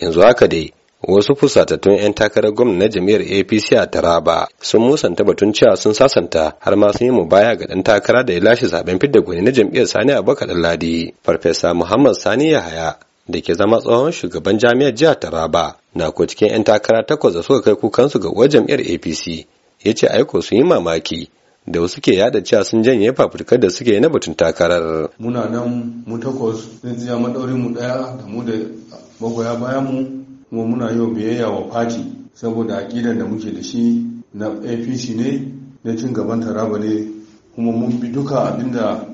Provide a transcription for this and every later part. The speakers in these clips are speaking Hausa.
yanzu haka dai wasu fusatattun 'yan takarar gwamna na jami'ar apc a taraba sun musanta batun cewa sun sasanta har ma sun yi mu baya ga dan takara da ya lashe zaben fidda gwani na jami'ar sani abubakar ladi farfesa muhammad sani yahaya da ke zama tsohon shugaban jami'ar jihar taraba na ko cikin 'yan takara takwas da suka kai kukansu ga uwar jami'ar apc ya ce aiko sun yi mamaki da wasu ke yada cewa sun janye fafurkar da suke na batun takarar. Muna nan mu takwas, tsintsiya mu ɗaya da mu da magoya bayanmu kuma muna yau biyayya wa fati saboda aƙidan da muke da shi na apc ne na cin gaban taraba ne kuma mun bi duka abinda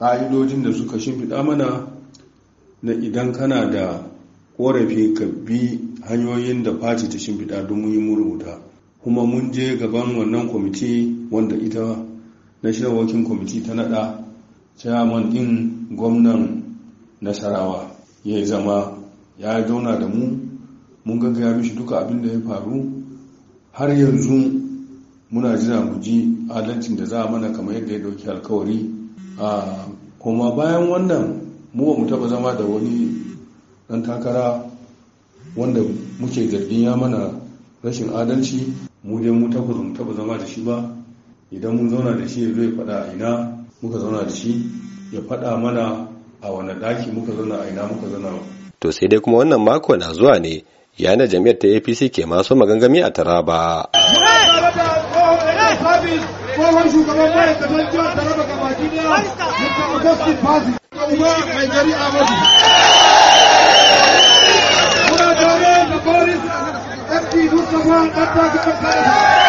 ƙa'idojin da suka shimfiɗa mana na idan kana da ƙorafi ka bi hanyoyin da fati ta shimfiɗa don mun yi murubuta kuma mun je gaban wannan kwamiti wanda ita national working committee ta naɗa chairman ɗin gwamnan nasarawa ya zama ya zauna da mu mun gaggaya mishi duka abin da ya faru har yanzu muna jira mu ji adalcin da za a mana kamar yadda ya dauki alkawari a kuma bayan wannan mu ba mu taba zama da wani dan takara wanda muke zargin ya mana rashin adalci mu dai mu taba mu taba zama da shi ba idan mun zauna da shi ya zai faɗa a ina muka zauna da shi ya faɗa mana a wani ɗaki muka zauna a ina muka zauna to sai dai kuma wannan mako na zuwa ne yayin da jami'ar ta apc ke masu magangami a taraba tsohon shugaban mai tsanan jihar taraba gabaki daya mr augustin bazi kuma mai gari amadu muna tare da boris mp mustapha ɗan takarar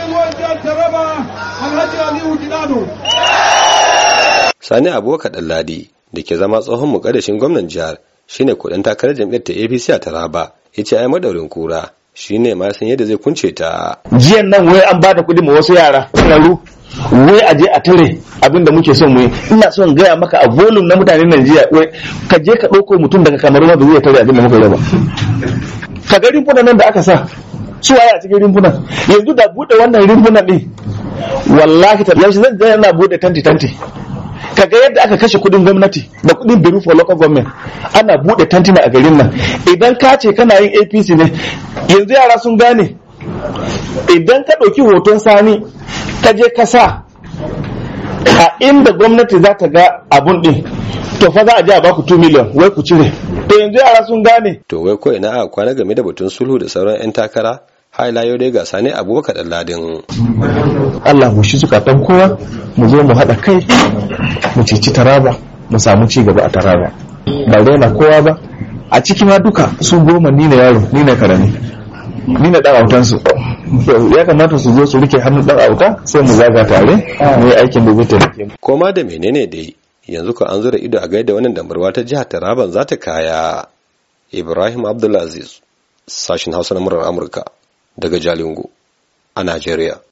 Sani ruwan jihar Ladi da ke zama tsohon mukaddashin gwamnan jihar shine kudin takarar jam'iyyar ta APC a Taraba ya ce ai madaurin kura shine ma san yadda zai kunce ta. Jiyan nan wai an bada kuɗi ma wasu yara tsaro wai a je a tare abin da muke son mu ina son gaya maka a volume na mutanen Najeriya wai ka je ka ɗauko mutum daga Kamaru ba zai tare abin da muka yi ba. Ka ga rumfunan nan da aka sa su a cikin rimbunan yanzu da bude wannan rimbunan ne wallahi ta yaushe zan yana bude tanti tanti kaga yadda aka kashe kudin gwamnati da kudin biru for local government ana bude na a garin nan idan ka ce kana yin apc ne yanzu yara sun gane idan ka ɗauki hoton sani ka je ka sa a inda gwamnati za ta ga abun ɗin to fa za a je a baku 2 miliyan wai ku cire to yanzu yara sun gane to wai ko ina a kwana game da batun sulhu da sauran 'yan takara haila yau dai gasa ne abubakar ladin allah mu shi zukatan kowa mu zo mu haɗa kai mu ci taraba mu samu ci gaba a taraba ba daina kowa ba a ciki ma duka su goma ni na yaro ni na karami ni na dan autan su ya kamata su zo su rike hannu dan auta sai mu zaga tare mu yi aikin da zai taimake mu koma da menene dai yanzu ko an zura ido a gaida wannan damarwa ta jihar Taraban za ta kaya Ibrahim Abdulaziz sashin Hausa na murar Amurka daga Jalingo a Najeriya.